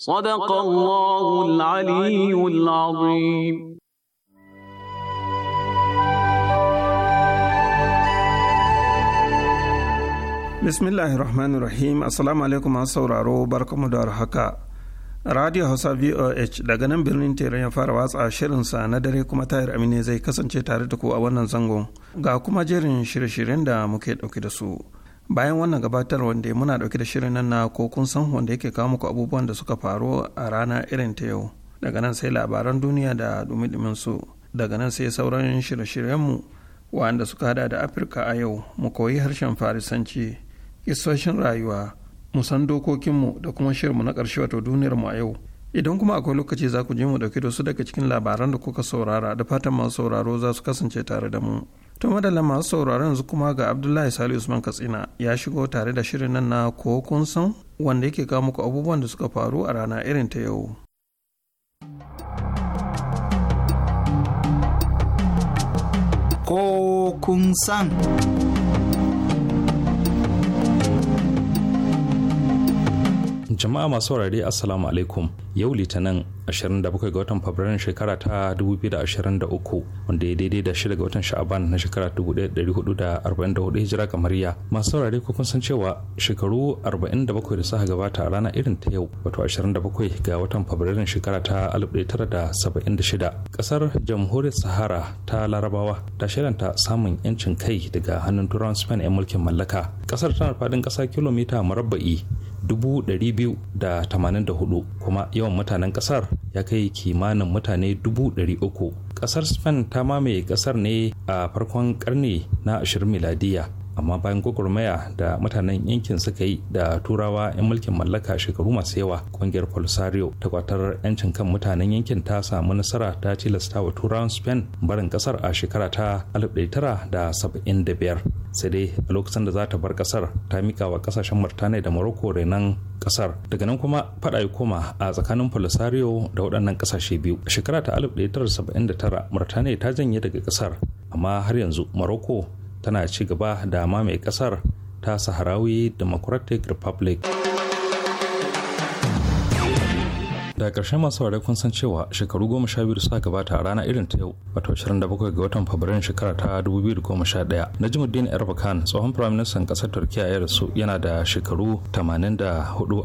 صدق الله العلي العظيم بسم الله الرحمن الرحيم alaikum masu sauraro بركم دار haka radio hausa voh daga nan birnin teran ya fara watsa shirinsa na dare kuma tayar amine zai kasance tare da ku a wannan zangon ga kuma jerin shirye-shiryen da muke dauke da su bayan wannan gabatar wanda muna dauke da shirin nan na ko kun san wanda yake kawo muku abubuwan da suka faru a rana irin ta yau daga nan sai labaran duniya da dumi su daga nan sai sauran shirye-shiryenmu wanda suka hada da afirka a yau mu koyi harshen farisanci isoshin rayuwa mu san dokokinmu da kuma shirinmu na ƙarshe wato duniyar mu a yau idan kuma akwai lokaci za ku je mu dauke da su daga cikin labaran da kuka saurara da fatan masu sauraro za su kasance tare da mu. to madalla masu sauraron yanzu kuma ga abdullahi sali usman katsina ya shigo tare da shirin nan na ko kun san wanda yake kawo muku abubuwan da suka faru a rana irin ta yau ko kun san jama'a masu wurare assalamu alaikum yau litinin 27 ga watan fabrairun shekara ta 2023 wanda ya daidai da shida ga watan sha'aban na shekara 1444 hijira kamariya masu wurare kun san cewa shekaru 47 da suka gabata a rana irin ta yau wato 27 ga watan fabrairun shekara ta 1976 kasar jamhuriyar sahara ta larabawa ta shirinta samun yancin kai daga hannun turawan spain 'yan mulkin mallaka kasar tana faɗin ƙasa kilomita marabba'i 284 kuma yawan mutanen kasar ya kai kimanin mutane 300 kasar spain ta mamaye kasar ne a farkon karni na 20 miladiya amma bayan gwagwarmaya da mutanen yankin suka yi da turawa 'yan mulkin mallaka shekaru masu yawa kungiyar polisario ta kwatar 'yancin kan mutanen yankin ta samu nasara ta tilasta wa turawan spain barin kasar a shekara ta 1975 sai dai a lokacin da za ta bar kasar ta mika wa kasashen murtaniya da morocco renan kasar daga nan kuma fada ya koma a tsakanin polisario da waɗannan kasashe biyu a shekara ta 1979 murtaniya ta janye daga kasar amma har yanzu morocco tana ci gaba da mai kasar ta saharawi democratic republic da ƙarshe masu ware kun san cewa shekaru goma sha biyu suka gabata a rana irin ta yau wato 27 ga watan fabrairu shekara ta 2011 najimuddin erbakan tsohon firaministan ƙasar turkiya ya rasu yana da shekaru 84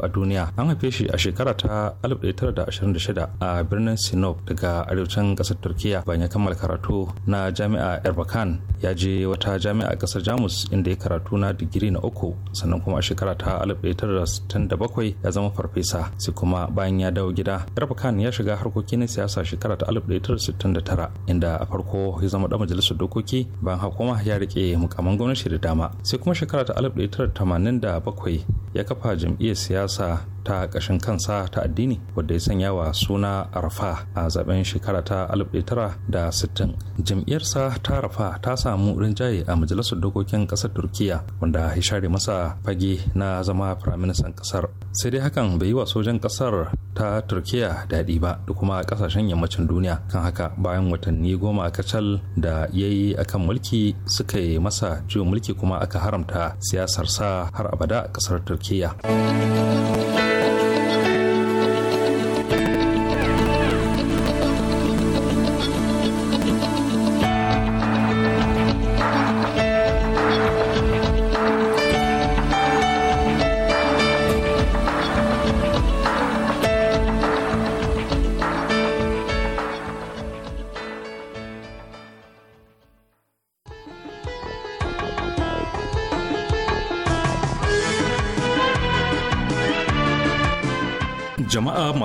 a duniya an haife shi a shekara ta 1926 a birnin sinop daga arewacin ƙasar turkiya bayan ya kammala karatu na jami'a erbakan ya je wata jami'a ƙasar jamus inda ya karatu na digiri na uku sannan kuma a shekara ta 1967 ya zama farfesa sai kuma bayan ya dawo gida yarfa khan ya shiga harkoki na siyasa shekara ta 1969 inda a farko ya zama dan majalisar dokoki bayan hakuma ya rike mukamman gwamnati da dama sai kuma shekara ta 1987 ya kafa jam'iyyar siyasa ta ƙashin kansa ta addini wadda ya sanya wa suna arfa a zaben shekara ta tara 1960 jam'iyyarsa ta rafa ta samu rinjaye a majalisar dokokin ƙasar turkiya wanda ya share masa fage na zama firaministan ƙasar sai dai hakan bai yi wa sojan ƙasar ta turkiya daɗi ba da kuma ƙasashen yammacin duniya kan haka bayan watanni goma kacal da ya yi akan mulki suka yi masa juyin mulki kuma aka haramta siyasarsa har abada a ƙasar turkiya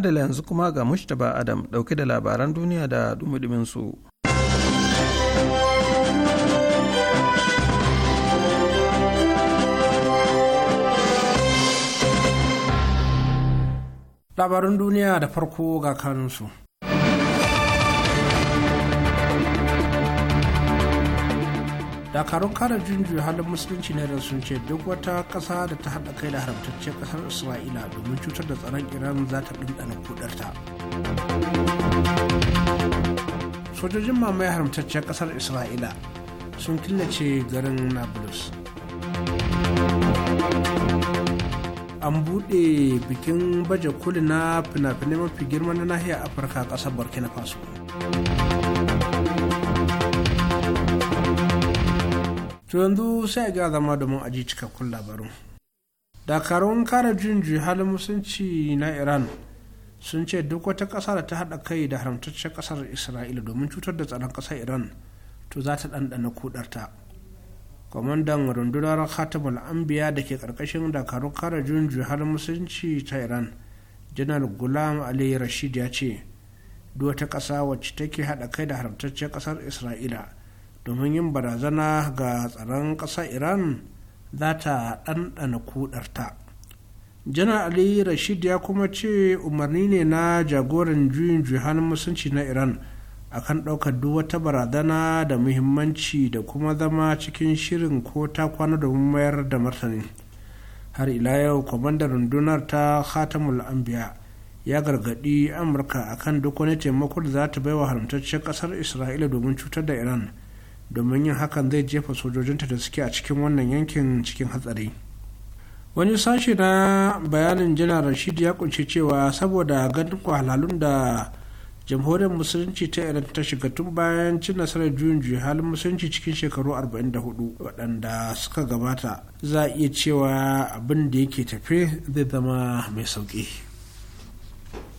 da yanzu kuma ga Mushtaba Adam ɗauke da labaran duniya da dumudumin su. Labaran duniya da farko ga kanunsu. dakarun kare junju halin musulunci na da sun ce duk wata ƙasa da ta haɗa kai da haramtaccen ƙasar isra'ila domin cutar da tsaron iran za ta ɗinɗana kudarta sojojin mamaye haramtaccen ƙasar isra'ila sun killace garin nablus an buɗe bikin baje kuli na fina-finai mafi girma na nahiyar afirka ƙasar burkina faso to yanzu sai ga zama domin aji cikakkun labarun. dakarun kare junji halin musunci na iran sun ce duk wata ƙasa da ta haɗa kai da haramtaccen ƙasar isra'ila domin cutar da tsaron ƙasar iran to za ta ɗanɗana kudarta kwamandan rundunar khatabul anbiya da ke ƙarƙashin dakarun kare jinji halin musunci ta iran janar gulam ali rashid ya ce duk wata ƙasa wacce take haɗa kai da haramtaccen ƙasar isra'ila domin yin barazana ga tsaron ƙasar iran za ta ɗanɗana kudarta jana ali rashid ya kuma ce umarni ne na jagoran juyin juhan musulunci na iran a kan ɗaukar duk wata barazana da muhimmanci da kuma zama cikin shirin ko ta kwana domin mayar da martani har ila yau kwamandar rundunar ta khatamul anbiya ya gargaɗi amurka akan duk wani taimako da za ta wa haramtaccen ƙasar isra'ila domin cutar da iran domin yin hakan zai jefa sojojinta da suke a cikin wannan yankin cikin hatsari wani sashe na bayanin janar rashid ya kunshi cewa saboda ganin halalun da jamhuriyar musulunci ta iran ta shiga tun bayan cin nasarar juyin juyi halin musulunci cikin shekaru 44 waɗanda suka gabata za a iya cewa abin da yake tafe zai zama mai sauƙi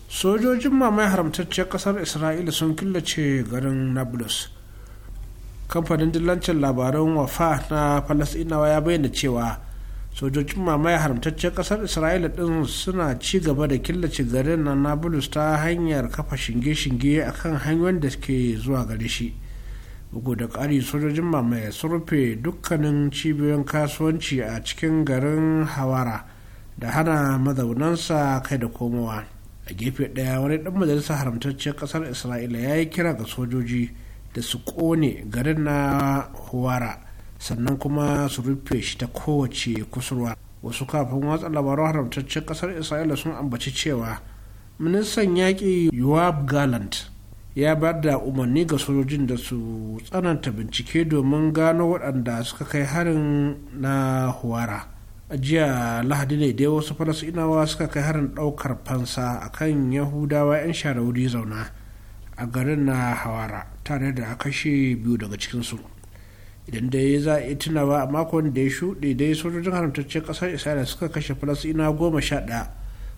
sojojin mamaye haramtacciyar ƙasar isra'ila sun killace garin nablus kamfanin dillancin labaran wafa na falasinawa ya bayyana cewa sojojin mamaye haramtaccen kasar isra'ila din suna ci gaba da killace garin na nablus ta hanyar kafa shinge-shinge a kan hanyoyin da ke zuwa gare shi bugu da ƙari sojojin mamaye sun rufe dukkanin cibiyoyin kasuwanci a cikin garin hawara da hana mazaunansa kai da komowa a gefe ɗaya wani ɗan majalisar haramtaccen ƙasar isra'ila ya yi kira ga sojoji da su kone garin na huwara sannan kuma su rufe shi ta kowace kusurwa wasu kafin watsa labarun haramtaccen kasar isra'ila sun ambaci cewa ministan yaƙi yuwab gallant ya ba da umarni ga sojojin da su tsananta bincike domin gano waɗanda suka kai harin na huwara a jiya lahadi ne dai wasu falasinawa suka kai harin ɗaukar fansa akan yahudawa 'yan shara wuri zauna a garin na hawara tare da kashe biyu daga cikinsu idan dai za a tunawa a makon da ya shuɗe dai sojojin haramtaccen ƙasar isra'ila suka kashe falasina goma sha ɗaya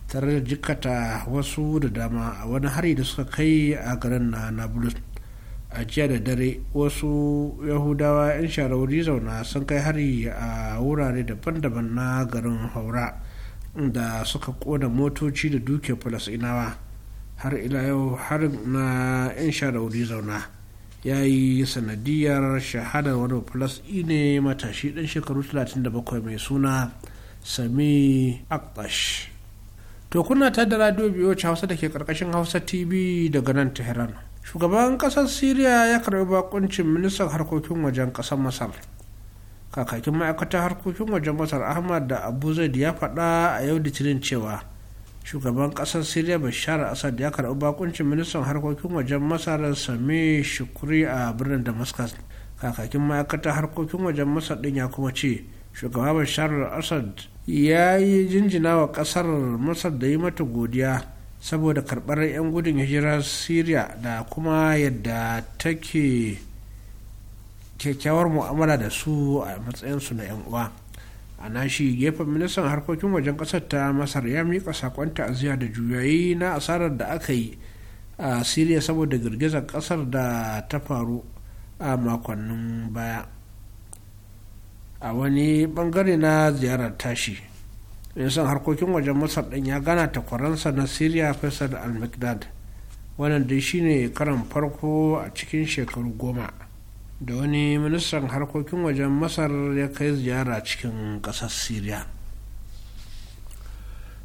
tare da jikata wasu da dama a wani hari da suka kai a garin na nablus a jiya da dare wasu yahudawa 'yan sharauri zauna sun kai hari a wurare daban-daban na garin haura da suka kona motoci da duke falasinawa har ila yau harin na 'yan sharauri zauna ya yi sanadiyar shahadar wani e ne matashi dan shekaru 37 mai suna sami akpash to kuna ta da radio biyu hausa da ke karkashin hausa tv daga nan tehran shugaban kasar syria ya karbi bakuncin ministan harkokin wajen kasar masar kakakin ma'aikatar harkokin wajen masar ahmad da abu zaid ya faɗa a yau litinin cewa shugaban kasar siriya bashar asad ya karbi bakuncin ministan harkokin wajen masar sami shukuri a birnin damascus kakakin ma'aikatar harkokin wajen masar din ya kuma ce shugaba bashar asad ya yi jinjina wa kasar masar da yi mata godiya saboda karɓar 'yan gudun hijirar siriya da kuma yadda take kyakkyawar mu'amala da su a matsayinsu na 'yan uwa. a nashi gefen ministan harkokin wajen ƙasar ta masar ya miƙa sakon ta'aziyya da juyayi na asarar da aka yi a siriya saboda girgizar ƙasar da ta faru a makonnin baya a wani bangare na ziyarar tashi ministan harkokin wajen masar ɗin ya gana takwaransa na siriya faisal al-mikdad wannan dai shine karan farko a cikin shekaru goma da wani ministan harkokin wajen masar ya kai ziyara cikin kasar syria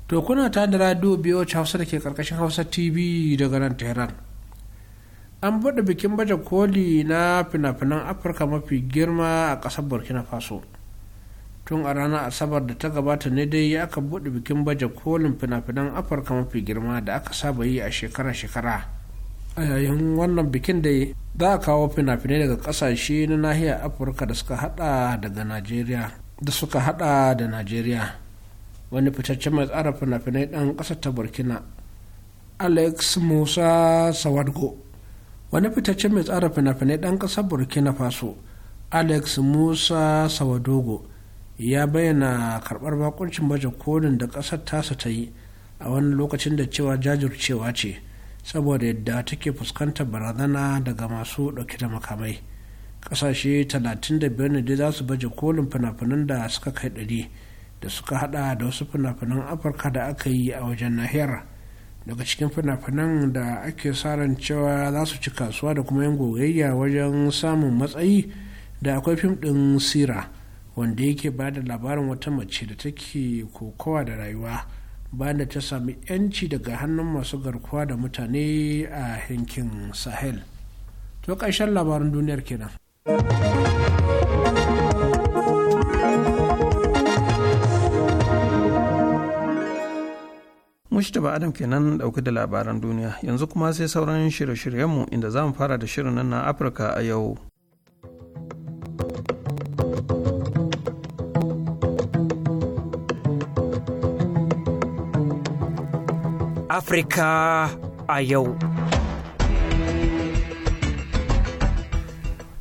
to kuna ta da radio biyu hausa da ke karkashin hausa tv daga nan tehran an buɗe bikin baje koli na fina-finan afirka mafi girma a ƙasar burkina faso tun a ranar asabar da ta gabata ne dai aka buɗe bikin baje kolin fina-finan afirka mafi girma da aka saba yi a shekara-shekara a yayin wannan bikin da za a kawo fina-finai daga kasashe na nahiyar afirka da suka hada daga najeriya da suka hada da najeriya wani fitaccen mai tsara fina-finai ɗan ƙasar ta burkina alex musa sawadgo wani fitaccen mai tsara fina-finai ɗan ƙasar burkina faso alex musa sawadogo ya bayyana karɓar bakuncin baje kolin da ƙasar tasa ta yi a wani lokacin da cewa jajircewa ce saboda yadda take fuskantar barazana daga masu ɗauke da makamai ƙasashe 35 ne dai za su baje kolin fina-finan da suka kai ɗari da suka hada da wasu fina-finan afirka da aka yi a wajen nahiyar daga cikin fina-finan da ake ran cewa za su ci kasuwa da kuma yin gogayya wajen samun matsayi da akwai fim ɗin sira wanda yake ba da labarin wata mace da take kokowa da rayuwa bayan da ta sami 'yanci daga hannun masu garkuwa da mutane a yankin sahel to ƙarshen labarin duniyar kenan. Mushtaba Adam kenan dauke da labaran duniya yanzu kuma sai sauran shirye-shiryenmu inda za mu fara da shirin nan na Afirka a yau. Afirka a yau.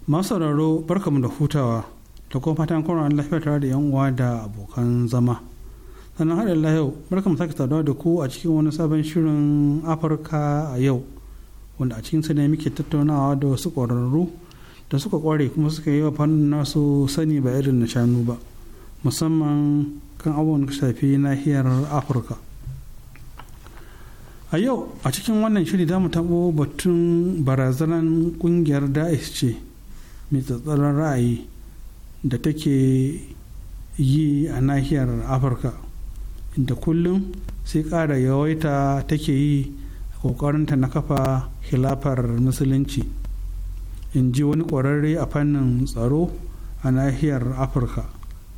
Masararo barkamu da hutawa da kuma fatan an lafiya tare da uwa da abokan zama. Sannan har Allah yau barkamu sake saduwa da ku a cikin wani sabon shirin Afirka a yau wanda a cikin ne muke tattaunawa da wasu ƙwararru da suka ƙware kuma suka yi wa fannin nasu sani ba irin na shanu ba musamman kan abubuwan shafi nahiyar Afirka. a yau a cikin wannan shiri za mu taɓo batun barazanar ƙungiyar da'is ce mai tsatsarar ra'ayi da take yi a nahiyar afirka inda kullum sai ƙara yawaita take yi a ƙoƙarinta na kafa hilafar musulunci in ji wani ƙwararre a fannin tsaro a nahiyar afirka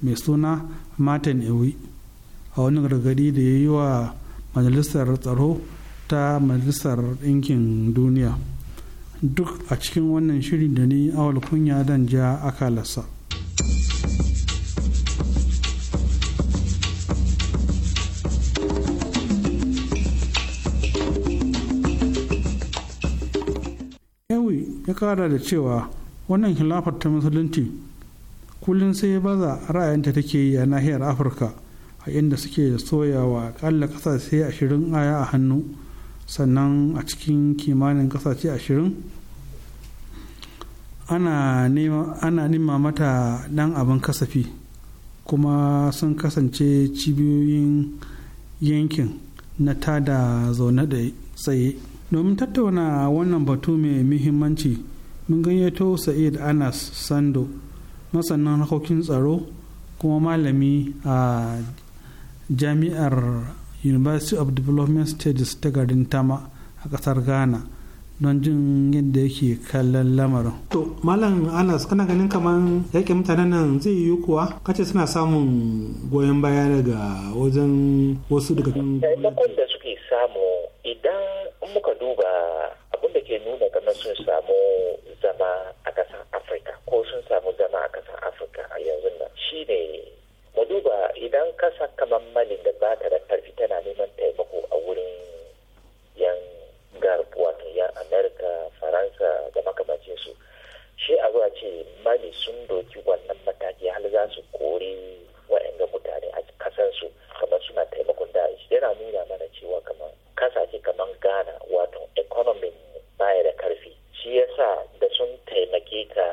mai suna martin ewi a wani gargadi da ya yi wa majalisar tsaro ta majalisar ɗinkin duniya duk a cikin wannan shiri da ni awal kunya dan ja lasa. ewi ya kara da cewa wannan khilafar ta musulunci kullum sai baza ra'ayinta take yi a nahiyar afirka a inda suke soyawa akalla kasashe ashirin aya a hannu sannan a cikin kimanin kasashe ashirin ana nima mata dan abin kasafi kuma sun kasance cibiyoyin yankin na tada zaune da tsaye domin tattauna wannan batu mai muhimmanci mun gayyato sa'id anas sando masanin harkokin tsaro kuma malami a jami'ar university of development stages ta garin tama a kasar ghana don jin yadda yake kallon lamarin. to malam anas kana ganin kamar yake mutanen nan zai yi kuwa kace suna samun goyon baya daga wajen wasu daga taimakon da suke samu idan muka duba abin da ke nuna kamar sun samu zama a ƙasar afirka ko sun samu zama a kasar afirka a yanzu nan shi ne. mu duba idan ka saka mammalin da ba ta da karfi tana neman taimako a wurin yan garb wato yan amerika faransa da makamacin su shi a zuwa ce mali sun doki wannan mataki har za su kori wa'anga mutane a kasansu kamar suna taimakon da'ish yana nuna mana cewa kamar kasashe kamar ghana wato economy baya da karfi shi yasa da sun taimake ka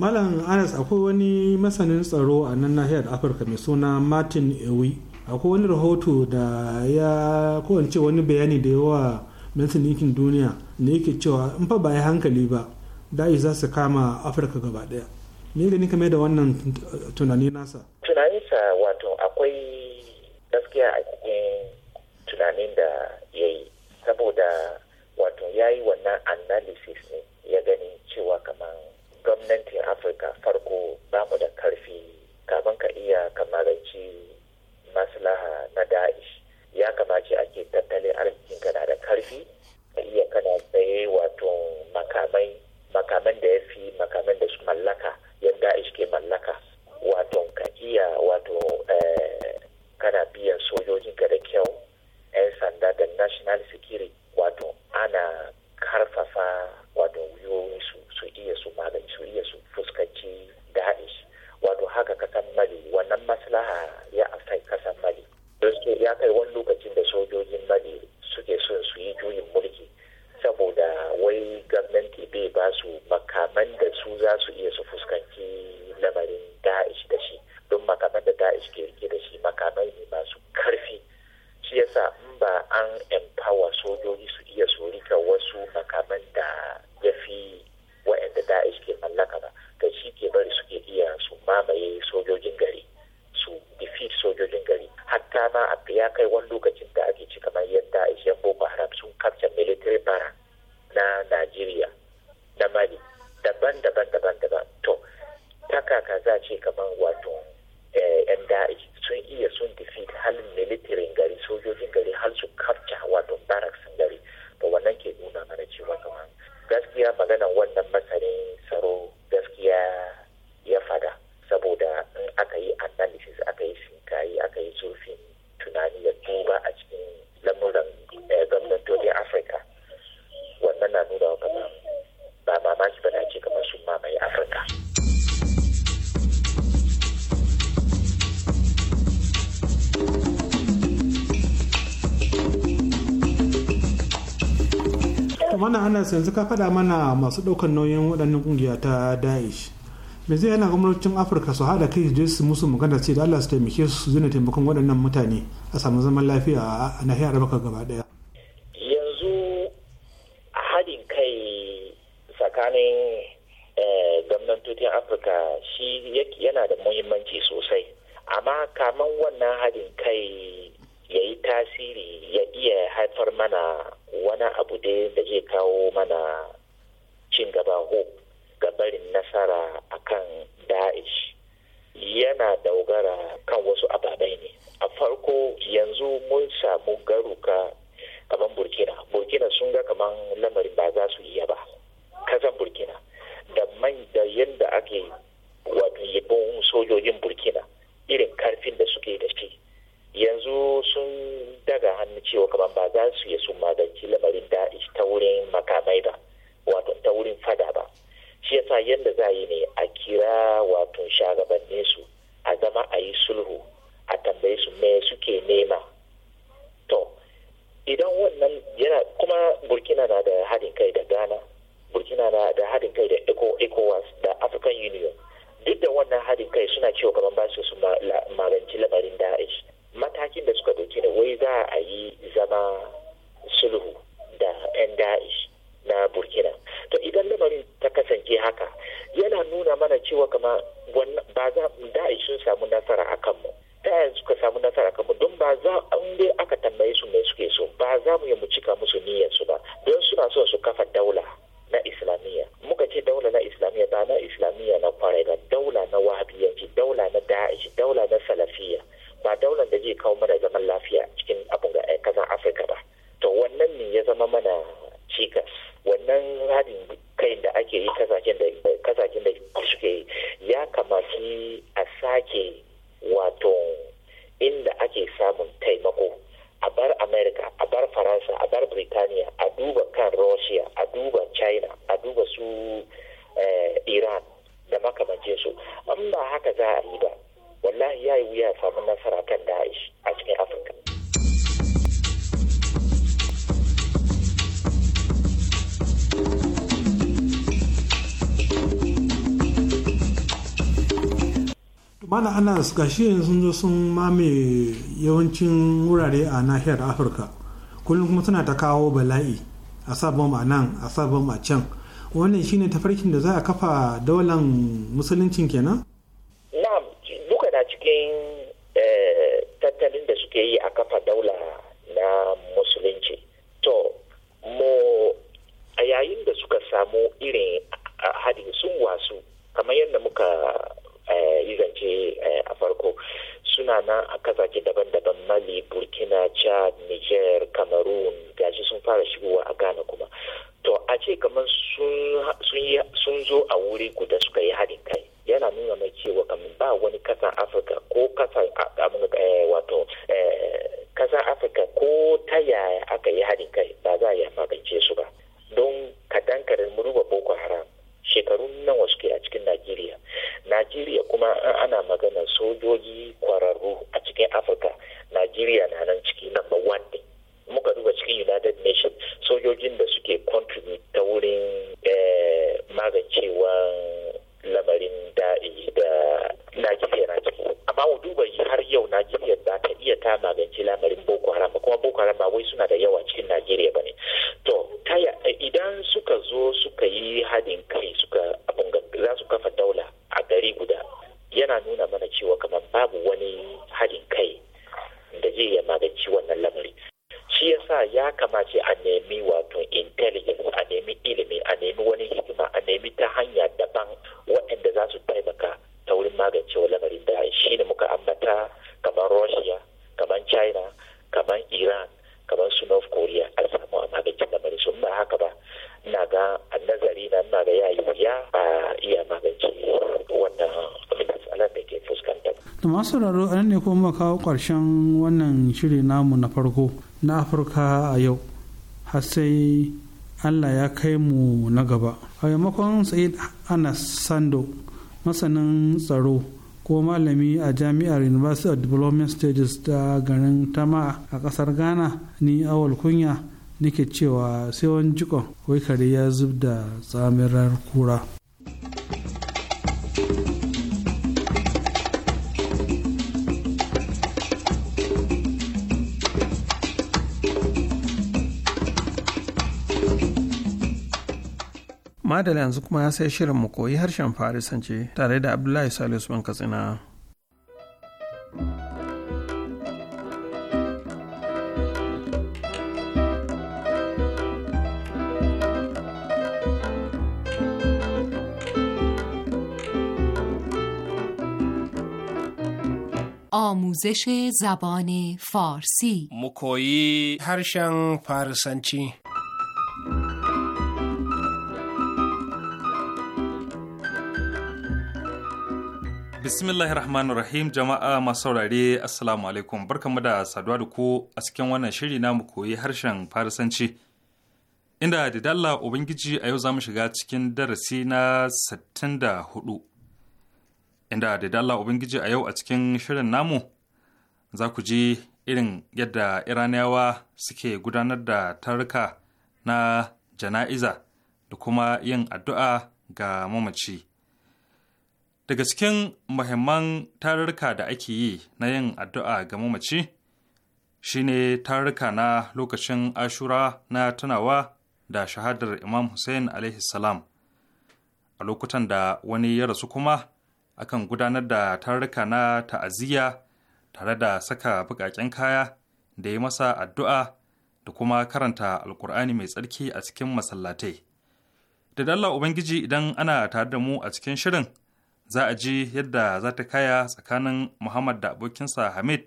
malam anas akwai wani masanin tsaro a nan nahiyar afirka mai suna martin ewi akwai wani rahoto da ya kowance wani bayani da yawa mintin ɗinkin duniya da yake cewa in fa ba ya hankali ba da'i za su kama afirka gaba ɗaya me gani kame da wannan tunani nasa tunaninsa wato akwai gaskiya a cikin tunanin da ya yi saboda wato ya yi wannan analysis ne ya gani cewa kamar gwamnatin afirka farko ba mu da karfi kafin ka iya kamaranci maslaha na da'ish ya kamace ake tattalin arzikin kana da karfi ka iya kana tsaye wato makamai makaman da ya fi makaman da su mallaka yan da'ish ke mallaka wato ka iya wato eh, kana biyan sojojinka da kyau 'yan sanda da national security wato ana karfafa wato wuyoyin su iya su magani su iya su fuskanci da'ish wato haka kasan mali wannan maslaha ya ka kasan mali don ya kai wani lokacin da sojojin mali suke son su yi juyin mulki saboda wai gwamnati bai ba su makaman da su za su iya su fuskanci lamarin da'ish da shi don makaman da da'ish ke rike da shi makamai ne masu karfi shi yasa in ba an empower sojoji su iya su wasu makaman da ya fi wa'anda da'ish ke mallaka ba to shi ke bari suke iya su mamaye sojojin gari su defeat sojojin gari hatta ma a ya kai wani lokacin da ake ci kamar yadda ishe boko haram sun kafce military bara na najeriya na mali daban daban daban daban to ta kaka za ce kamar wato eh, yan da'ish sun iya sun defeat halin militarin gari sojojin gari har su kafta wato barracks gari to wannan ke nuna mana cewa kamar gaskiya magana wannan masarin tsaro gaskiya ya fada saboda in aka yi analysis aka yi sinkayi aka yi zurfin tunani ya duba a cikin lamuran eh, gwamnatocin afirka wannan na nuna kamar ba mamaki ba na ce kamar sun mamaye afirka. to mana anas yanzu ka faɗa mana masu ɗaukar nauyin waɗannan ƙungiya ta daesh me zai yana gwamnatocin afirka su haɗa kai je su musu magana ce da allah su taimake su zina taimakon waɗannan mutane a samu zaman lafiya a nahiyar baka gaba ɗaya yanzu haɗin kai tsakanin eh, gwamnatocin afirka shi yana da muhimmanci sosai amma kaman wannan haɗin kai ya yi tasiri ya iya haifar mana wani abu dai da zai kawo mana cin gaba hope ga barin nasara a kan da'ish yana daugara kan wasu ababai ne a farko yanzu mun samu garuka kamar burkina burkina sun ga kaman lamarin ba za su iya ba kasan burkina da man da yadda ake wato yabon sojojin burkina irin karfin da suke da shi yanzu sun daga hannu cewa kamar ba za su yi magance lamarin da'ish ta wurin makamai ba wato ta wurin fada ba shi yasa yadda za yi ne a kira wato shagabannin su a zama a yi sulhu a tambaye su me suke nema to idan wannan yana kuma burkina na da haɗin kai da ghana burkina na da haɗin kai da ecowas da african union duk da wannan haɗin kai suna cewa kamar ba su magance lamarin da'ish matakin da suka ɗauki ne wai za a yi zama sulhu da 'yan da'ish na burkina to idan lamarin ta kasance haka yana nuna mana cewa kama ba za da'ish sun samu nasara a kanmu ta yaya suka samu nasara a kanmu don ba za an dai aka tambaye su mai suke so ba za mu yi mu cika musu su ba don suna so su kafa daula na islamiyya muka ce daula na islamiyya ba na islamiyya na kwarai ba daula na wahabiyanci daula na da'ish daula na salafiyya ba daular da zai kawo mana zaman lafiya cikin abin ga kasar eh, afirka ba to wannan ne ya zama mana cikas wannan hadin kai da ake yi kasashen da kasashen eh, da suke ya kamaci a sake wato inda ake samun taimako a bar america a bar faransa a bar birtaniya a duba kan russia a duba china a duba su eh, iran da makamancin su amma haka za a yi ba wallahi ya yi wuya samu nasara kan da'ish a cikin afirka mana ana gashi yanzu sun zo sun mame yawancin wurare a nahiyar afirka kullum kuma suna ta kawo bala'i a sabon a nan a sabon a can wannan shine tafarkin da za a kafa daular musuluncin kenan cikin eh, tattalin da suke yi a kafa daula na musulunci to mu a yayin da suka samu irin hadin sun wasu kamar yadda muka eh, yi zance eh, a farko suna nan a kasashe daban-daban mali burkina chad niger cameroon gashi sun fara shigowa a ghana kuma to a ce kamar sun zo a wuri guda suka yi hadin kai yana nuna mai cewa kama ba wani kasa afirka ko kasa eh, eh, wato kasa eh, afirka ko ta yaya aka yi haɗin kai ba za a yi magance su ba don kadan karin muruba boko haram shekaru nawa suke a cikin najeriya najeriya kuma ana magana sojoji kwararru a cikin afirka najeriya na nan ciki number one muka duba cikin united nations sojojin da suke contribute ta wurin magancewa lamarin da'i da Najeriya na ciki amma mu duba har yau Najeriya za ta iya ta magance lamarin Boko Haram kuma Boko Haram ba wai suna da yawa cikin Najeriya ne to taya idan suka zo suka yi hadin kai suka za su kafa daula a gari guda yana nuna mana cewa kamar babu wani hadin kai da zai iya magance wannan lamarin. shi yasa ya kamace a nemi wato intelligence a nemi ilimi a nemi wani hikima a nemi ta hanya daban waɗanda za su taimaka ta wurin magancewa lamarin da shi ne muka ambata kamar russia kamar china kamar iran kamar su north korea a samu a magance lamarin sun ba haka ba ina ga a nazari na ina ga yayi wuya a iya magance wannan matsalar da ke fuskanta. da masu raro a ne kuma kawo ƙarshen wannan shiri namu na farko na afirka a yau har sai allah ya kai mu na gaba a maimakon sa'id anas sando masanin tsaro ko malami a jami'ar university of development stages ta garin tama a kasar ghana ni awal kunya nake cewa sai wani jikon wai kare ya zub da tsamirar kura madala yanzu kuma ya sai shirin mu koyi harshen farisance tare da abdullahi salisu ban katsina آموزش زبان فارسی مکویی هرشن فارسنچی Bismillahir Rahmanir Rahim jama'a masu saurare Assalamu alaikum barkanmu da saduwa da ku a wannan shiri na mu koyi harshen Farisanci. Inda da dalla Ubangiji a yau za mu shiga cikin darasi na sittin da 64 inda da dala Ubangiji a yau a cikin shirin namu za ku ji irin yadda Iraniyawa suke gudanar da taruka na jana'iza da kuma yin addu'a ga mamaci. Daga cikin muhimman taruka da ake yi na yin addu'a ga mamaci shine taruka na lokacin ashura na tunawa da shahadar Imam Hussein salam a lokutan da wani ya rasu kuma akan gudanar da taruka na ta'aziyya tare da saka buƙaƙen kaya da yi masa addu'a da kuma karanta alkur'ani mai tsarki a cikin masallatai da dalla ubangiji idan ana tare da mu a cikin shirin za a ji yadda za ta kaya tsakanin muhammad da abokinsa hamid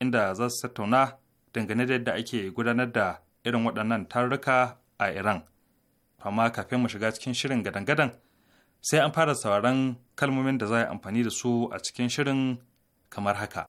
inda za su tattauna dangane da yadda ake gudanar da irin waɗannan taruka a iran amma kafin mu shiga cikin shirin gadan-gadan sai an fara sauraron kalmomin da za a yi amfani da su a cikin shirin kamar haka.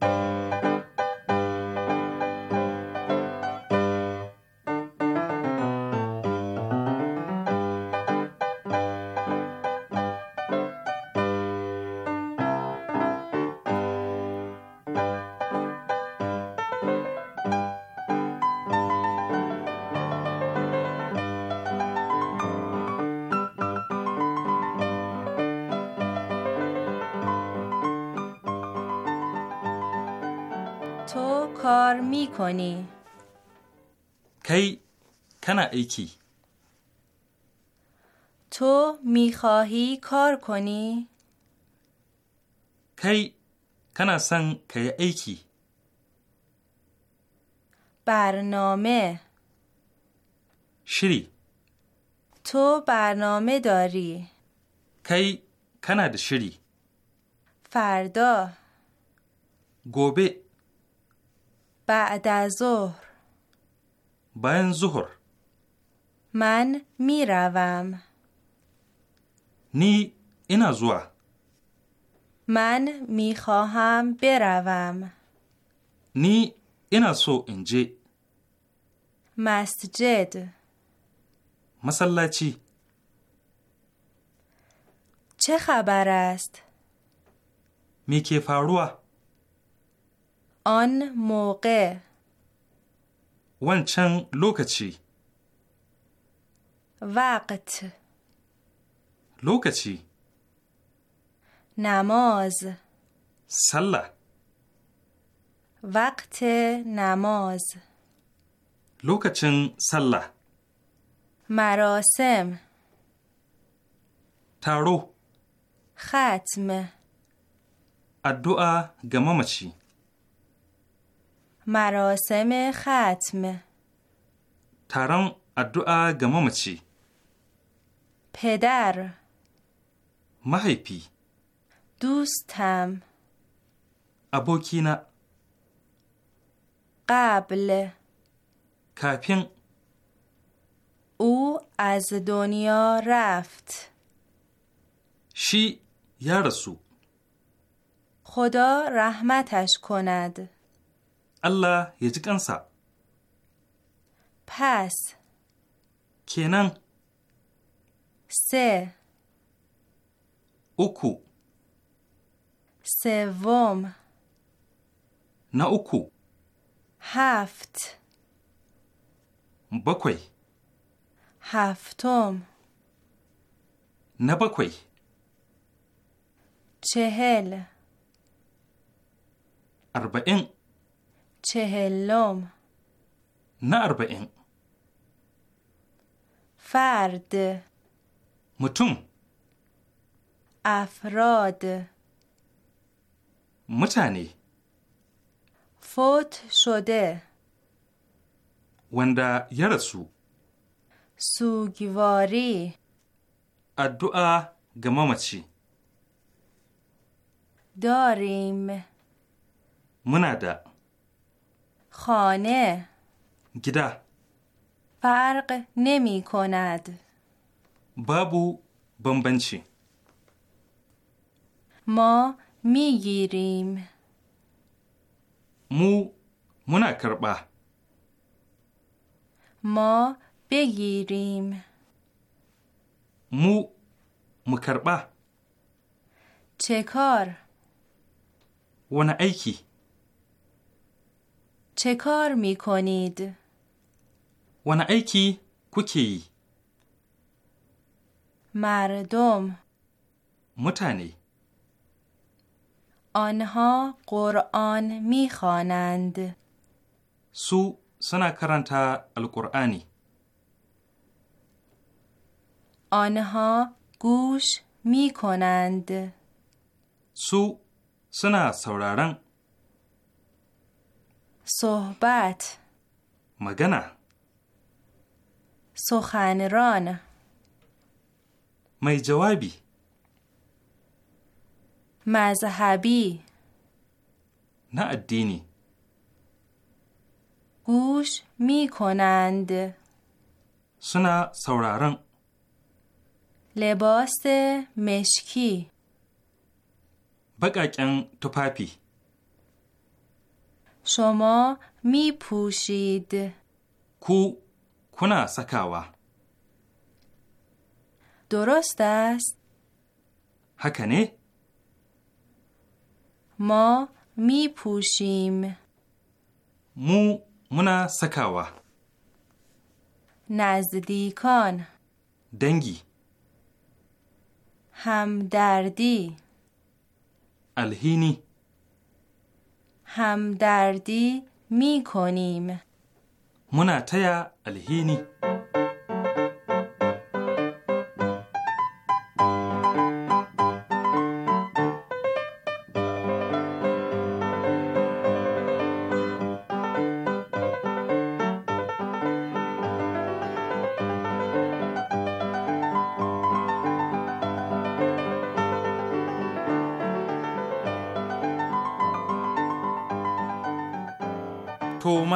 میکنی؟ کی کنا ایکی تو میخواهی کار کنی؟ کی کنا سن کی ایکی برنامه شری تو برنامه داری کی کنا شری فردا گوبه بعد از ظهر باین ظهر من میروم نی اینا زوا من میخواهم بروم نی اینا سو انجی مسجد مسلاچی چه خبر است میکی فاروه On موقع wancan lokaci وقت lokaci نماز sallah وقت نماز lokacin sallah مراسم taro ختم addu'a ga mamaci مراسم ختم تران ادعا گمامچی پدر محیپی دوستم ابوکینا قبل کپین او از دنیا رفت شی یا خدا رحمتش کند Allah ya ji kansa. Pass. Kenan. Say. Uku. Sevom. Na uku. Haft. Bakwai. Haftom. Na bakwai. Chehel. Arba'in. چهلم نرب این فرد متون افراد متانی فوت شده وندا یرسو سوگواری الدعا گمامچی داریم منادا خانه گیده فرق نمی کند بابو بمبنچی ما میگیریم مو منکربه. ما بگیریم مو مکربه. چه کار ونه ایکی چه کار می کنید؟ وانا ایکی کوکی مردم متنی آنها قرآن می خوانند. سو سنا کرانتا القرآنی آنها گوش می کنند. سو سنا سورارن صحبت مگنه سخنران می جوابی مذهبی نه دینی گوش میکنند کنند سنا لباس مشکی بقاقن توپاپی شما می پوشید کو کنا سکاوا درست است هکنه ما می پوشیم مو منا سکاوا نزدیکان دنگی همدردی الهینی همدردی می کنیم منع الهینی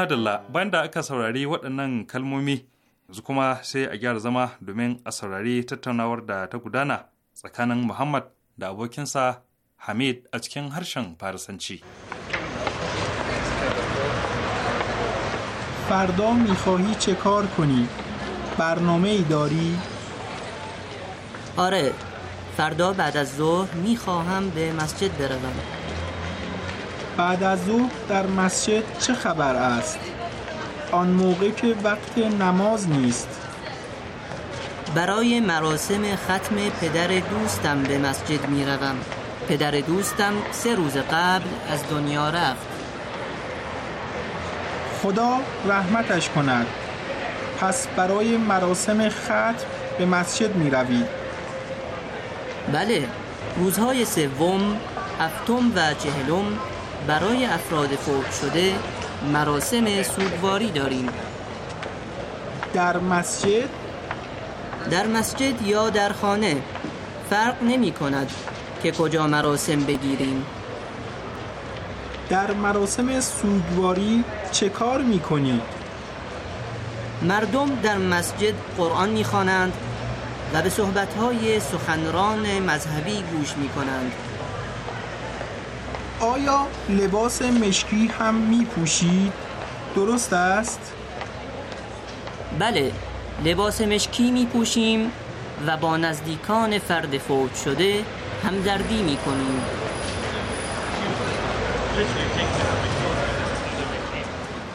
madalla banda aka saurari waɗannan kalmomi yanzu kuma sai a gyara zama domin a saurari tattaunawar da ta gudana tsakanin Muhammad da abokinsa Hamid a cikin harshen Farisanci. فردا میخواهی چه کار کنی؟ برنامه ای داری؟ آره فردا بعد از ظهر میخواهم به مسجد بروم بعد از او در مسجد چه خبر است آن موقع که وقت نماز نیست برای مراسم ختم پدر دوستم به مسجد می روم. پدر دوستم سه روز قبل از دنیا رفت خدا رحمتش کند پس برای مراسم ختم به مسجد می روی. بله روزهای سوم، هفتم و چهلم برای افراد فوت شده مراسم سوگواری داریم در مسجد؟ در مسجد یا در خانه فرق نمی کند که کجا مراسم بگیریم در مراسم سوگواری چه کار می کنید؟ مردم در مسجد قرآن می خوانند و به صحبتهای سخنران مذهبی گوش می کنند آیا لباس مشکی هم می پوشید؟ درست است؟ بله لباس مشکی می پوشیم و با نزدیکان فرد فوت شده همدردی می کنیم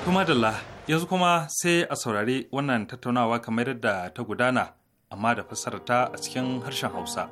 kuma الله. yanzu kuma sai a saurari wannan tattaunawa kamar yadda ta gudana amma da از a cikin harshen hausa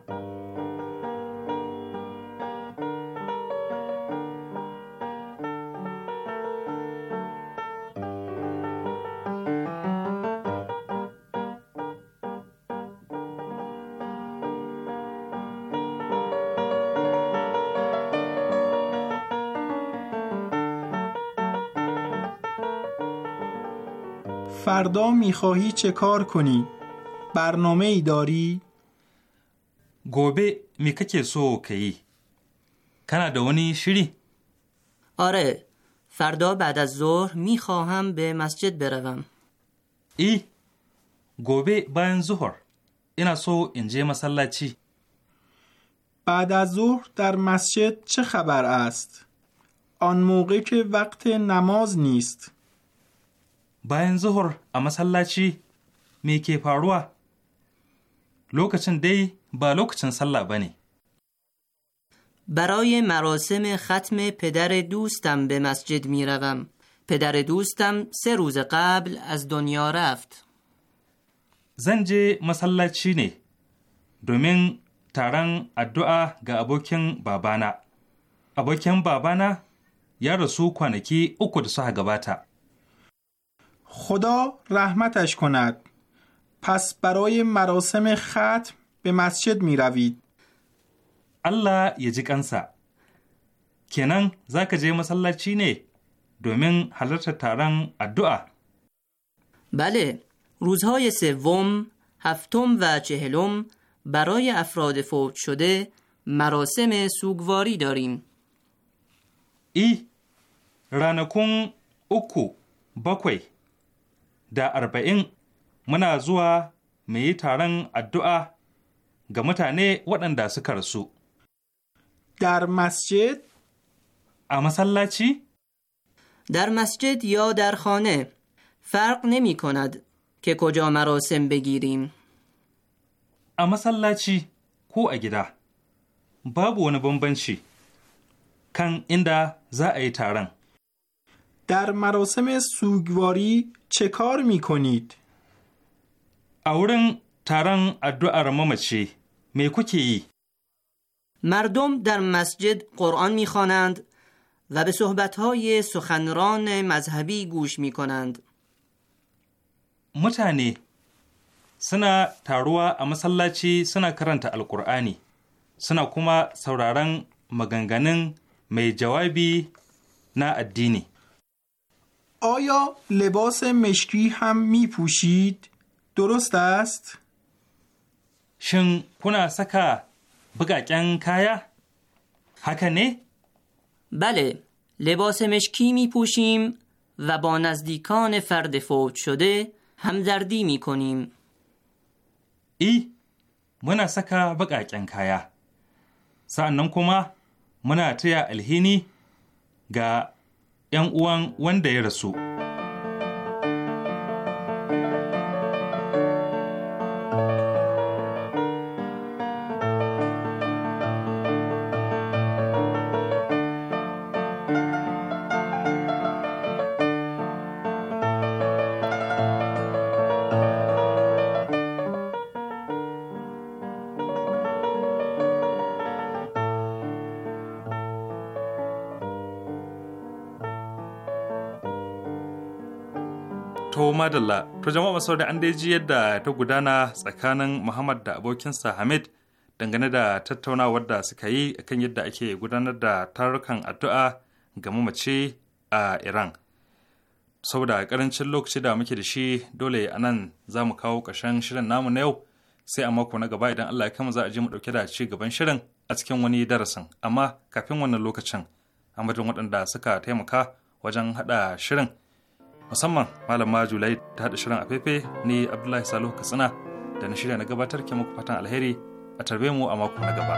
فردا میخواهی چه کار کنی؟ برنامه ای داری؟ گوبه میکه سو کی؟ دونی شری؟ آره فردا بعد از ظهر میخواهم به مسجد بروم ای گوبه باین ظهر این سو انجه مسلا چی؟ بعد از ظهر در مسجد چه خبر است؟ آن موقع که وقت نماز نیست bayan zuhur a masallaci me ke faruwa lokacin dai ba lokacin sallah ba ne برای مراسم ختم پدر دوستم به مسجد می روم. پدر دوستم سه روز قبل از دنیا رفت. زنج مسلچی نه دومین تران ادعا گا ابوکن بابانا ابوکن بابانا یا رسو کwanaki uku da suka gabata. خدا رحمتش کند پس برای مراسم ختم به مسجد می روید الله یه کنسا کنن kenan za ka حالت تاران ne بله روزهای سوم، هفتم و چهلم برای افراد فوت شده مراسم سوگواری داریم. ای رانکون اوکو باکوی da arba'in muna zuwa mu yi taron addu'a ga mutane waɗanda suka rasu. Dar masjid? A masallaci? Dar masjid yo dar khane farq nemi kunad ke kujo marosin begirim. A masallaci ko a gida, babu wani bambanci kan inda za a yi taron. Dar marosin sugwari چه کار می کنید؟ اورن تران ادعا مامچی می کوکی مردم در مسجد قرآن می خوانند و به صحبتهای سخنران مذهبی گوش می کنند. متعنی سنا تاروا اما مسلاچی سنا کرنت القرآنی سنا کما سوراران مگنگنن می جوابی na addini. آیا لباس مشکی هم می پوشید؟ درست است؟ شن کنا سکا جن کایا؟ حکنه؟ بله لباس مشکی می پوشیم و با نزدیکان فرد فوت شده همدردی می کنیم ای منا سکا baƙaƙen کایا sa'an nan کما منا تیا الهینی 'yan uwan wanda ya rasu. To jama'a masu da an dai ji yadda ta gudana tsakanin Muhammad da abokinsa Hamid dangane da tattaunawar da suka yi kan yadda ake gudanar da tarukan addu'a ga mamace a Iran. Saboda karancin lokaci da muke da shi dole a nan za mu kawo ƙarshen shirin namu na yau sai a mako na gaba idan Allah ya kama za a je mu ɗauke da ci gaban shirin a cikin wani darasin amma kafin wannan lokacin a waɗanda suka taimaka wajen haɗa shirin musamman ma julai ta haɗa shirin afefe ni abdullahi salihu katsina da na shirya na gabatar ke muku fatan alheri a tarbe mu a mako na gaba.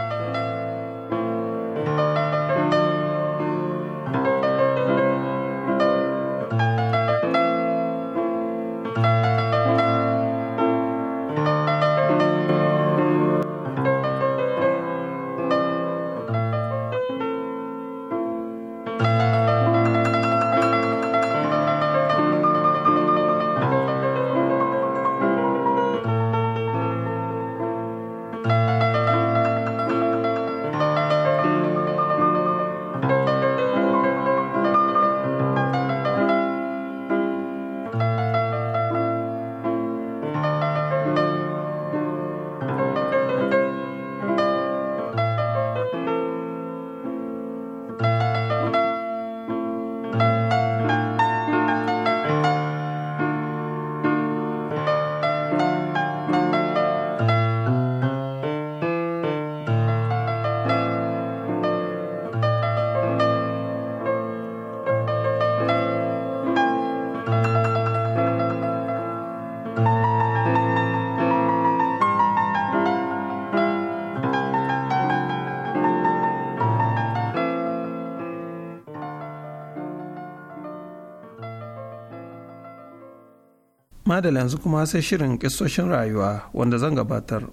madala yanzu kuma sai shirin kisoshin rayuwa wanda zan gabatar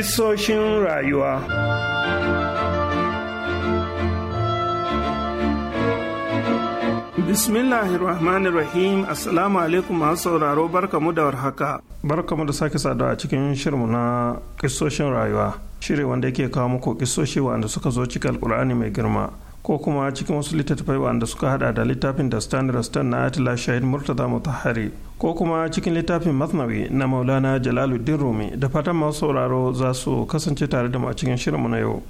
Isoshin rayuwa Rahim Assalamu alaikum masu sauraro barkamu da warhaka. Barkamu da sake saduwa a cikin shirmu na kisoshin rayuwa. shiri wanda yake kawo muku kisoshi wanda suka zo cikin alkur'ani mai girma ko kuma cikin wasu littattafai wanda suka hada da littafin da standard stand na atila shahid murtaza mutahari ko kuma cikin littafin masnawi na maulana jalaluddin rumi da fatan masu sauraro za su kasance tare da mu a cikin shirinmu na yau.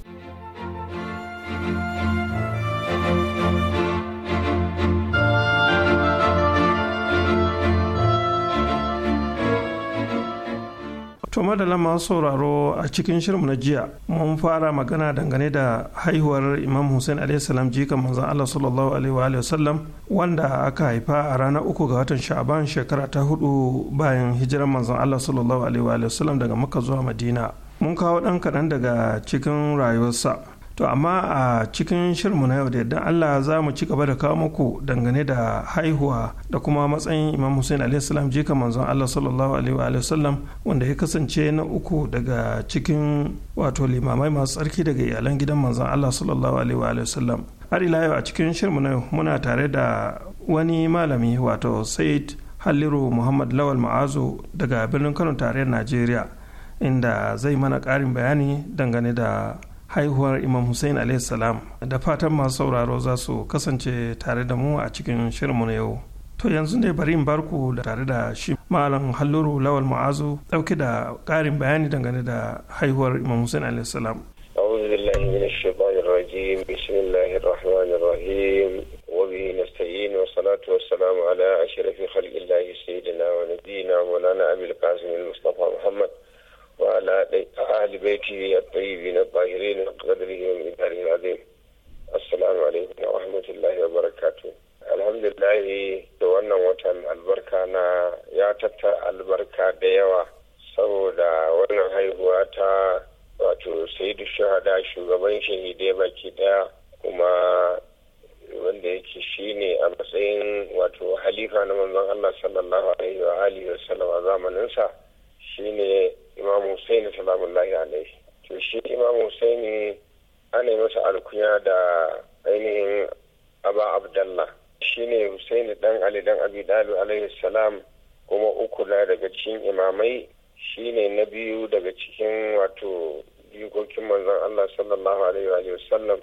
kuma da lama sauraro a cikin shirin na jiya mun fara magana dangane da haihuwar imam hussein alaihi salam jikan manzan allah sallallahu alaihi wa wanda aka haifa a ranar uku ga watan sha'aban shekara ta hudu bayan hijirar manzan allah sallallahu alaihi wa daga makka zuwa madina mun kawo dan kaɗan daga cikin rayuwarsa To amma a cikin shirmu na yau da yadda Allah za mu ci gaba da kawo muku dangane da haihuwa da kuma matsayin Imam Hussein alaihissalam jika manzon Allah sallallahu alaihi wa sallam wanda ya kasance na uku daga cikin wato limamai masu tsarki daga iyalan gidan manzon Allah sallallahu alaihi wa sallam. Har ila yau a cikin shirmu na yau muna tare da wani malami wato Said Halliru Muhammad Lawal Ma'azu daga birnin Kano tarayyar Najeriya inda zai mana ƙarin bayani dangane da haihuwar imam hussein salam da fatan masu sauraro za su kasance tare da mu a cikin shirinmu na yau to yanzu ne bari in barku da tare da shi malam halluru lawal ma'azu dauke da karin bayani dangane da haihuwar imam hussein alaihi salam وبه نستعين والصلاة والسلام على أشرف خلق الله سيدنا ونبينا مولانا أبي القاسم المصطفى محمد وعلى أهل بيته الطيبين الطاهرين وقدرهم من العظيم السلام عليكم ورحمة الله وبركاته الحمد لله wannan وطن albarka na ya tattara albarka da yawa saboda wannan haihuwa ta wato saidu shahada shugaban shahidai wanda yake shi ne a matsayin wato halifa na manzon Allah sallallahu alaihi wa alihi wa sallama zamaninsa ne imam Hussein salamullahi alaihi to shi imam Hussein ana yi masa alkunya da ainihin aba abdallah ne Hussein dan Ali dan Abi dalu alaihi salam kuma uku na daga cikin imamai shine na biyu daga cikin wato gokin manzon Allah sallallahu alaihi wa sallam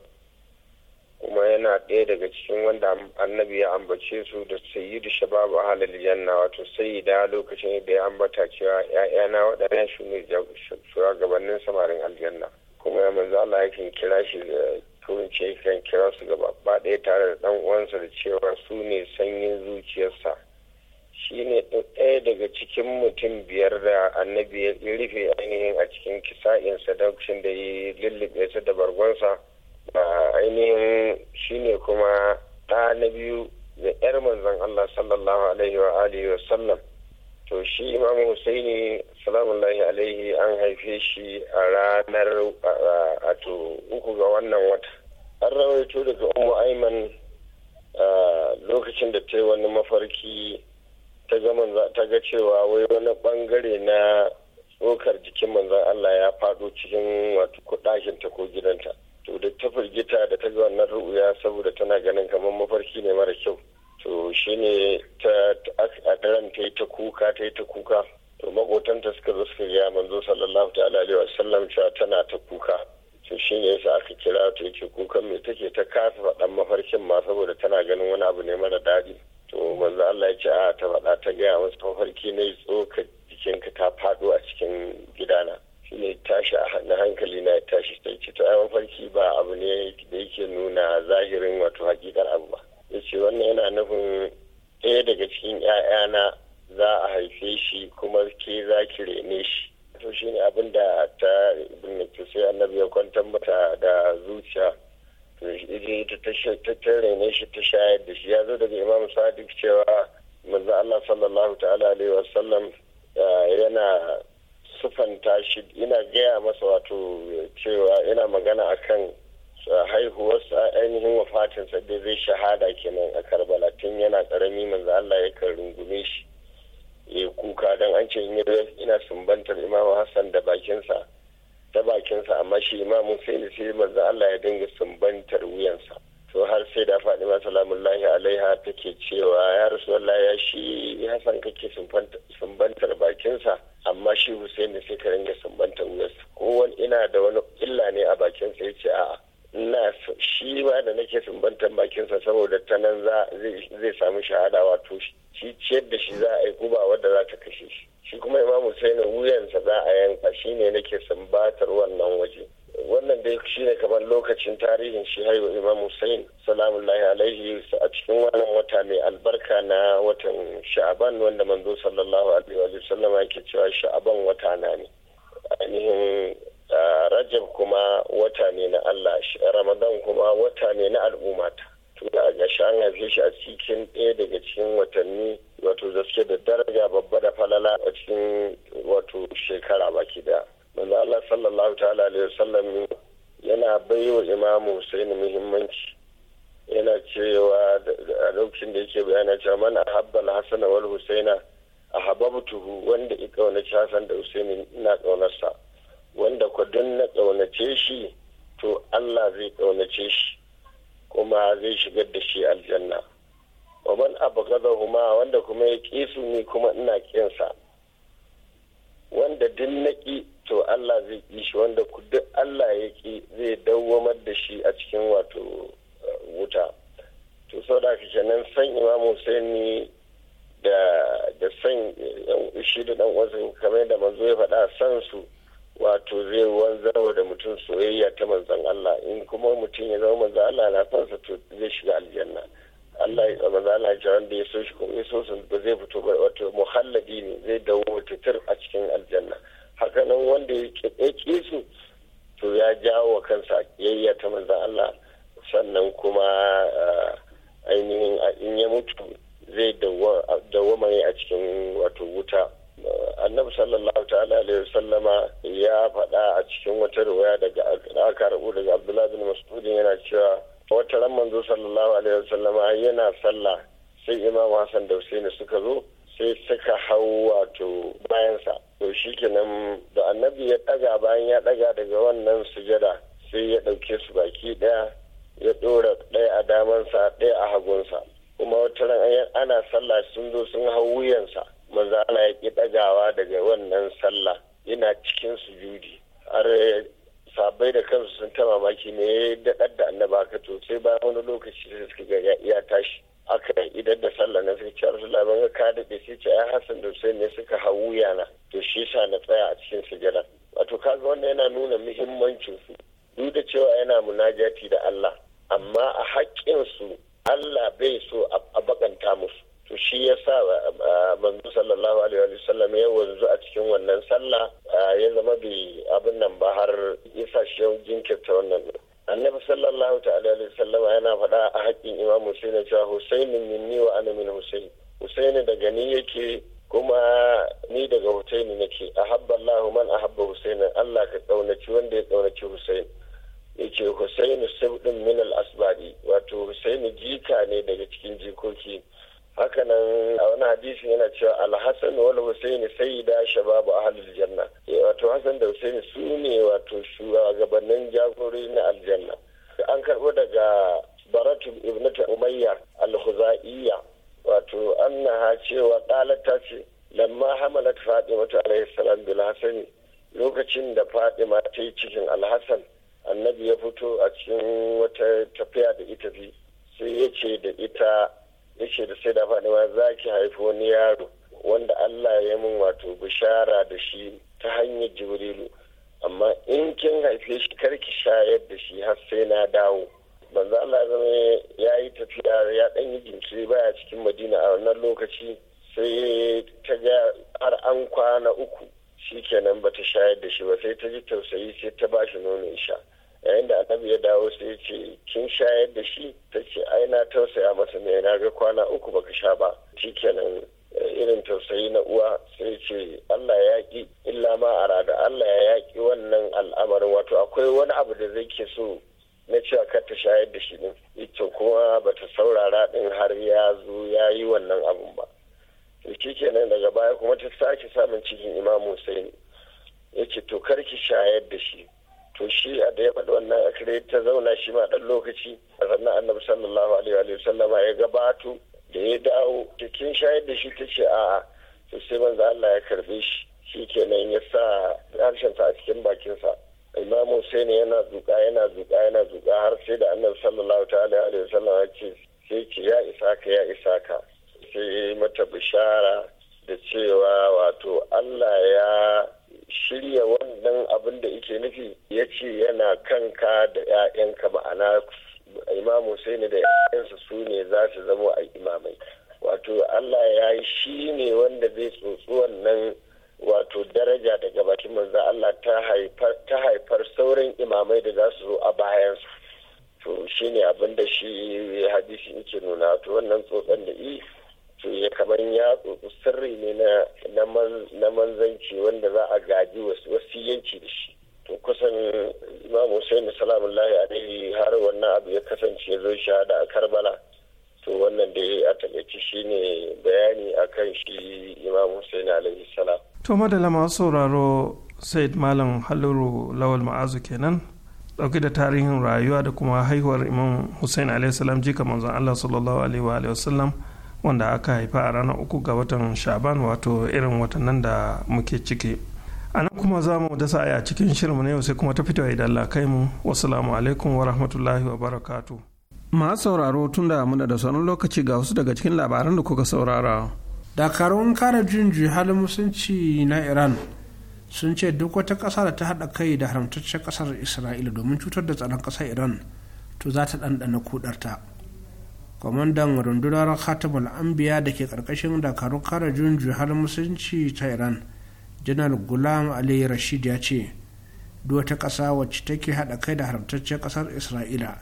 kuma yana ɗaya daga cikin wanda annabi ya ambace su da sayyidu shababu halal janna wato sayyida lokacin da ya ambata cewa ‘ya'yana waɗanda shi ne shugabannin samarin aljanna kuma ya manzo Allah yakan kira shi da ce kan kira su gaba ba ɗaya tare da ɗan uwansa da cewa su ne sanyin zuciyarsa shi ne ɗaya daga cikin mutum biyar da annabi ya rufe ainihin a cikin kisa'insa da da ya lullube su da bargonsa ainihin ne kuma ɗa na biyu da yar manzan Allah sallallahu alaihi wa alihi wa sallam to shi imam husaini salamullahi alaihi an haife shi a ranar to uku ga wannan wata an rawaito daga umu aiman lokacin da ta yi wani mafarki ta ga cewa wai wani bangare na tsokar jikin manzon Allah ya faɗo cikin wato kuɗashinta ko gidanta to da ta firgita da ta ga wannan ru'uya saboda tana ganin kamar mafarki ne mara kyau to shine ta a daren ta yi ta kuka ta yi ta kuka to makotanta suka zo suka ga manzo sallallahu ta'ala alaihi wasallam cewa tana ta kuka to shine yasa aka kira ta yake kukan me take ta kasa faɗan mafarkin ma saboda tana ganin wani abu ne mara daɗi to manzo Allah ya ce a ta faɗa ta gaya masa mafarki ne tsoka jikinka ta faɗo a cikin gidana ne tashi na hankali na tashi ta ce ta mafarki ba abu ne da yake nuna zahirin wato hakikar abu ba ya ce wannan yana nufin ɗaya daga cikin 'ya'yana za a haife shi kuma ke za ki rene shi to shi ne abin da ta ta sai annabi ya kwanta mata da zuciya to ita ta ta rene shi ta shayar da shi ya zo daga imam sadiq cewa manzo Allah sallallahu ta'ala alaihi wasallam eh, yana sufanta shi ina gaya masa wato cewa ina magana akan uh, haihuwarsa ainihin wafatinsa da zai shahada kenan a karbala tun yana karami manzo Allah ya kan rungume shi ya kuka don an ce ina sumbantar imamu hassan da bakinsa ta bakinsa amma shi imamu sai sai manzo Allah ya dinga sumbantar wuyansa to har sai da faɗi ma salamullahi alaiha take cewa ya rasulallah ya shi hasan kake sumbantar bakinsa amma shi husaini sai ka ringa sumbantar wuyarsa ko ina da wani illa ne a bakinsa ya ce a'a na shi ma da nake sumbantar bakinsa saboda ta nan zai samu shahada wato shi ciyar da shi za a yi guba wadda za ta kashe shi shi kuma imam husaini wuyansa za a yanka shi ne nake sumbatar wannan waje wannan dai shi ne kamar lokacin tarihin shi haihu imam hussein salamu alaihi a cikin wannan wata mai albarka na watan sha'aban wanda manzo sallallahu alaihi wa sallama yake cewa sha'aban wata na ne ainihin rajab kuma wata ne na allah ramadan kuma wata ne na al'ummata tunda a gashi an haife shi a cikin ɗaya daga cikin watanni wato da da daraja babba da falala a cikin wato shekara baki daya manzo Allah sallallahu ta'ala alaihi wasallam yana baiwa imamu Hussein muhimmanci yana cewa a lokacin da yake bayana cewa man ahabba al-Hasan wal Husaina ahabbtuhu wanda ya kaunaci Hassan da Husaini ina kaunarsa wanda ku na kaunace shi to Allah zai kaunace shi kuma zai shigar da shi aljanna wa man abghadahuma wanda kuma ya kisu ni kuma ina kinsa wanda duk naki to Allah zai ki shi wanda duk Allah ya ki zai dawwamar da shi a cikin wato uh, wuta to sau saboda kenan san imamu sai da da san uh, shi da dan wasu kamar da manzo ya faɗa san su wato zai wanzarwa da mutum soyayya ta manzon Allah in kuma mutum ya zama manzon Allah na fansa to zai shiga aljanna Allah ya tsaba zala ya wanda ya so shi kuma ya so ba zai fito ba wato muhalladi ne zai dawo titir a cikin aljanna haka hakanan wanda ya ƙi su to ya jawo wa kansa kiyayya ta manzan Allah sannan kuma ah, ainihin in ya mutu zai dawo mai a cikin wato wuta annabi sallallahu ta'ala alaihi sallama ya faɗa a cikin wata waya daga aka rabu daga abdullahi bin mas'udin yana cewa wata ran manzo sallallahu alaihi wasallama yana sallah sai imam hassan da husaini suka zo sai suka hau wato bayansa to shikenan da annabi ya daga bayan ya daga daga wannan sujada sai ya dauke su baki daya ya dora daya a sa daya a hagunsa kuma wata ran ana sallah sun zo sun hau wuyansa manzo ana ya ki dagawa daga wannan sallah yana cikin sujudi har sabai da kansu sun ta mamaki ne ya daɗar da annaba ka to sai bayan wani lokaci da suka ga ya tashi aka idan da sallah na sai ce arzula ban ga ka daɗe sai ce ai Hassan da sai ne suka hau yana to shi sa na tsaya a cikin sujada wato kaga wannan yana nuna muhimmancin su duk da cewa yana munajati da Allah amma a haƙƙin su Allah bai so a bakanta musu to shi ya sa manzo sallallahu alaihi wa sallam ya wanzu a cikin wannan sallah ya zama bai abin nan në që Husejnë në një da shi to shi a da ya faɗi wannan akire ta zauna shi ma ɗan lokaci sannan annabi sallallahu alaihi wa sallama ya gabatu da ya dawo da kin shayar da shi ta ce a'a to sai manzo Allah ya karbe shi shi kenan ya sa harshensa a cikin bakinsa imam Hussein yana zuƙa yana zuƙa yana zuƙa har sai da annabi sallallahu ta'ala alaihi wa sallam ya ce sai ki ya isa ka ya isa ka sai mata bishara da cewa wato Allah ya shirya wannan abin da yake nufi ya ce yana kanka da 'ya'yanka ma'ana sai ne da 'ya'yansa su ne za su zama a imamai wato Allah ya yi shi ne wanda zai tsotsi wannan wato daraja daga bakin manzo Allah ta haifar sauran imamai da za su zo a bayansu to shi ne abin da shi hadisi yake nuna to wannan tsotsan da i kamar ya sirri ne na manzanci wanda za a gaji wasu yanci da shi to kusan imam hussein salamullahi alaihi har wannan abu ya kasance ya zo shahada a karbala to wannan da a shi ne bayani a kan shi imam hussein alaihi salam to madala masu sauraro said malam haluru lawal ma'azu kenan dauke da tarihin rayuwa da kuma haihuwar imam hussein alaihi salam jika manzon allah sallallahu alaihi wa sallam wanda aka haifa a ranar uku ga watan shaban wato irin watannan da muke ciki a nan kuma za mu dasa a cikin shirin na yau sai kuma ta fito idan lakai mu wasu alaikum wa rahmatullahi wa barakatu masu sauraro tun da muna da sauran lokaci ga wasu daga cikin labaran da kuka saurara dakarun kare jin halin musunci na iran sun ce duk wata ƙasa da ta haɗa kai da haramtaccen ƙasar isra'ila domin cutar da tsaron ƙasar iran to za ta ɗanɗana kudarta. kwamandan rundunar khatamul anbiya da ke karkashin dakarun kare junju har musulunci ta iran janar gulam ali rashid ya ce wata ƙasa wacce take haɗa kai da haramtaccen ƙasar isra'ila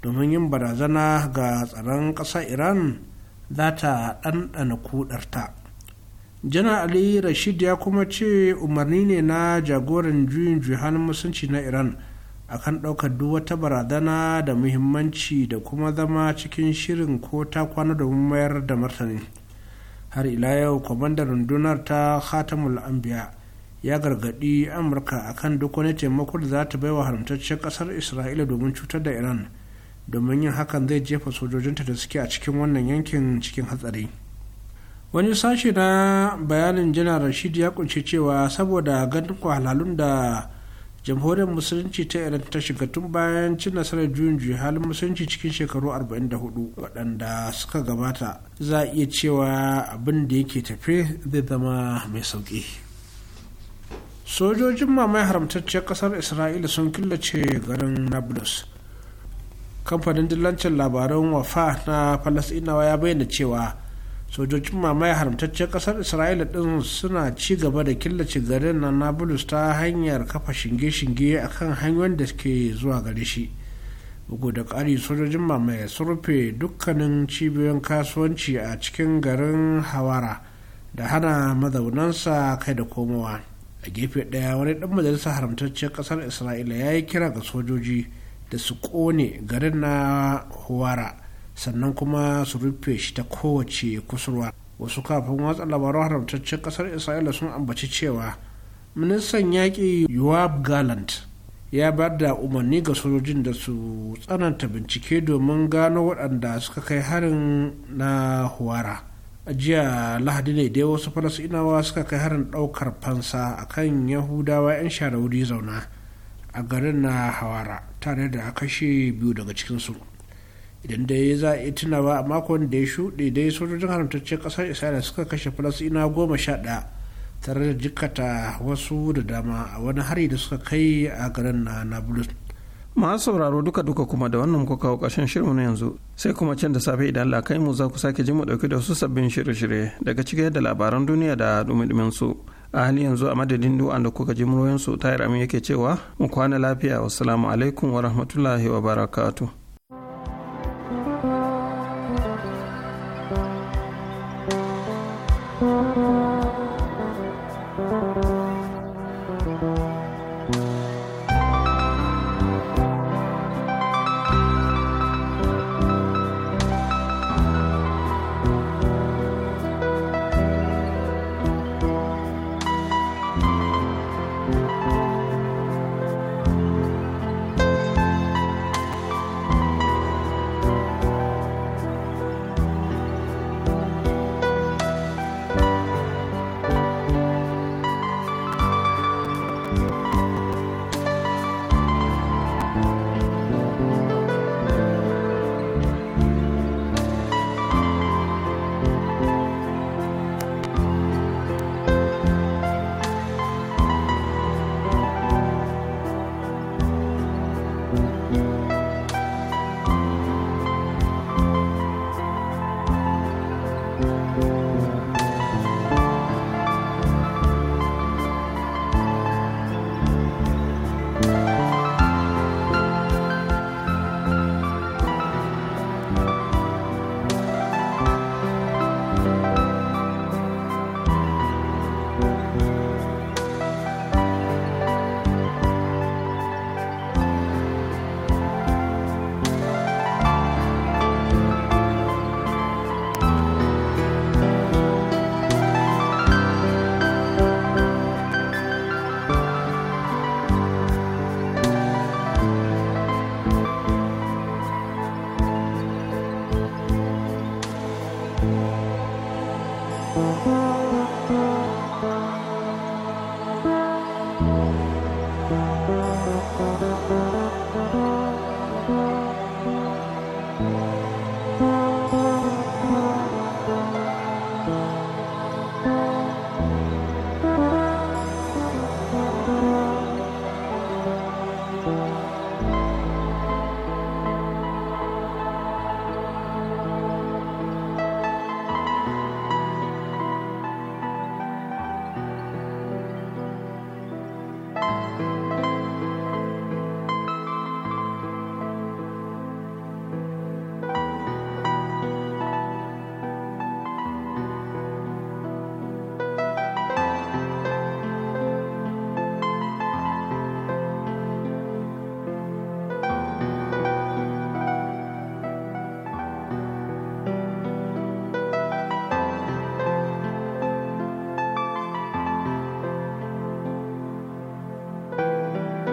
domin yin barazana ga tsaron ƙasa iran za ta ɗanɗana kudarta janar ali rashid ya kuma ce umarni ne na jagoran juyin juhan musulunci na iran akan ɗaukar duk wata barazana da muhimmanci da kuma zama cikin shirin ko ta kwana domin mayar da martani har ila yau kwamandan rundunar ta khatamul anbiya ya gargaɗi amurka akan duk wani taimako da za ta bai wa haramtaccen ƙasar isra'ila domin cutar da iran domin yin hakan zai jefa sojojinta da suke a cikin wannan yankin cikin hatsari wani sashe na bayanin jana rashid ya kunshi cewa saboda ganin halalun da jamhuriyar musulunci ta iran ta shiga tun bayan cin nasarar juyin juyi halin musulunci cikin shekaru 44 waɗanda suka gabata za a iya cewa abin da yake tafe zai zama mai sauƙi sojojin mamaye haramtacciyar ƙasar isra'ila sun killace garin nablus kamfanin dillancin labaran wafa na falasɗinawa ya bayyana cewa sojojin mamaye haramtaccen kasar isra'ila din suna ci gaba da killace garin na nablus ta hanyar kafa shinge-shinge a kan hanyoyin da ke zuwa gare shi bugu da ƙari sojojin mamaye sun rufe dukkanin cibiyoyin kasuwanci a cikin garin hawara da hana mazaunansa kai da komowa a gefe ɗaya wani ɗan majalisar haramtaccen ƙasar isra'ila ya yi kira ga sojoji da su ƙone garin na hawara sannan kuma su rufe shi ta kowace kusurwa wasu kafin watsa labarun haramtaccen kasar isra'ila sun ambaci cewa ministan yaƙi yuwab gallant ya ba da umarni ga sojojin da su tsananta bincike domin gano waɗanda suka kai harin na huwara a jiya lahadi ne dai wasu falasinawa suka kai harin ɗaukar fansa a kan yahudawa 'yan shara wuri zauna a garin na hawara tare da kashe biyu daga cikinsu idan dai za a iya tunawa a makon da ya shuɗe dai sojojin haramtaccen ƙasar isra'ila suka kashe ina goma sha ɗaya tare da jikata wasu da dama a wani hari da suka kai a garin na nablus masu sauraro duka duka kuma da wannan kuka kawo ƙarshen shirin na yanzu sai kuma can da safe idan Allah kai mu za ku sake ji mu ɗauki da wasu sabbin shirye-shirye daga cikin yadda labaran duniya da dumi su a halin yanzu a madadin du'a da kuka ji muryoyin su tayar amin yake cewa mu kwana lafiya wasu alaikum wa rahmatullahi wa barakatuh